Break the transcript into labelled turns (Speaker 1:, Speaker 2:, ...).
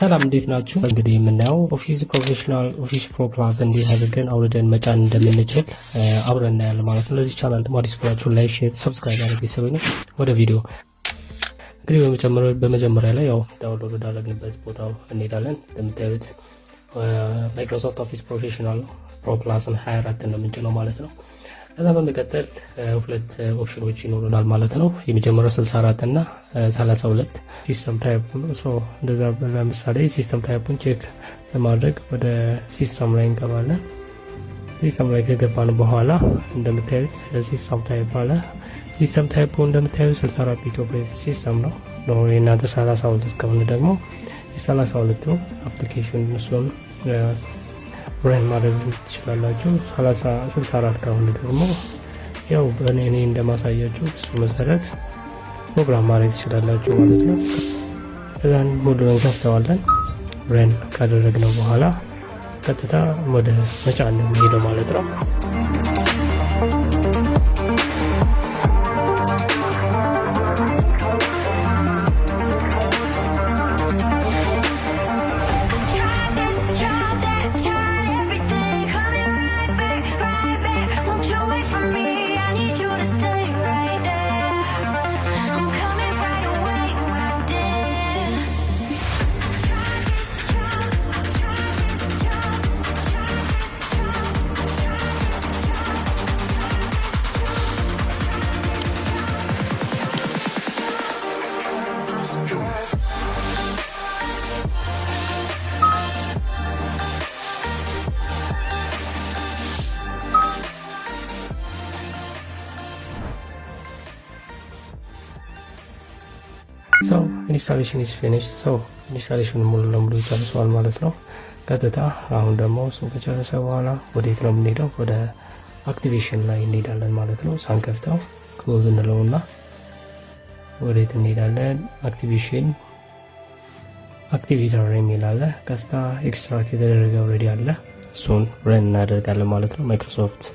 Speaker 1: ሰላም እንዴት ናችሁ? እንግዲህ የምናየው ኦፊስ ፕሮፌሽናል ኦፊስ ፕሮ ፕላስ እንዴት አድርገን አውርደን መጫን እንደምንችል አብረን እናያለን ማለት ነው። ለዚህ ቻናል ደግሞ አዲስ ብላችሁ ላይክ፣ ሼር፣ ሰብስክራይብ አድርግ ቤተሰብ ነው። ወደ ቪዲዮ እንግዲህ በመጀመሪያ ላይ ያው ዳውንሎድ ወዳደረግንበት ቦታው እንሄዳለን። እንደምታዩት ማይክሮሶፍት ኦፊስ ፕሮፌሽናል ፕሮ ፕላስን 24 ነው የምንጭነው ማለት ነው። ከዛ በመቀጠል ሁለት ኦፕሽኖች ይኖሩናል ማለት ነው። የመጀመሪያው 64 እና 32 ሲስተም ታይፕ ነው። እንደዛ ምሳሌ ሲስተም ታይፑን ቼክ ለማድረግ ወደ ሲስተም ላይ እንገባለን። ሲስተም ላይ ከገባን በኋላ እንደምታዩት ሲስተም ታይፕ አለ። ሲስተም ታይፑ እንደምታዩት 64 ቢት ኦፕሬቲንግ ሲስተም ነው ነው የእናንተ 32 ከሆነ ደግሞ የ32 አፕሊኬሽን ምስሉን ብራይን ማድረግ ትችላላችሁ። 64 ራውንድ ደግሞ ያው በእኔ እኔ እንደማሳያችሁ እሱ መሰረት ፕሮግራም ማድረግ ትችላላችሁ ማለት ነው። እዛን ሞዱሉን ከፍተዋለን። ብራይን ካደረግነው በኋላ ቀጥታ ወደ መጫን ነው የሚሄደው ማለት ነው። ኢንስታሌሽን ኢዝ ፊኒሽድ። ሰው ኢንስታሌሽን ሙሉ ለሙሉ ጨርሰዋል ማለት ነው። ቀጥታ አሁን ደግሞ እሱ ከጨረሰ በኋላ ወዴት ነው የምንሄደው? ወደ አክቲቬሽን ላይ እንሄዳለን ማለት ነው። ሳንከፍተው ክሎዝ እንለውና ወዴት እንሄዳለን? አክቲቬሽን አክቲቬተር የሚል አለ። ከስታ ኤክስትራክት የተደረገ ኦልሬዲ አለ። እሱን ረን እናደርጋለን ማለት ነው ማይክሮሶፍት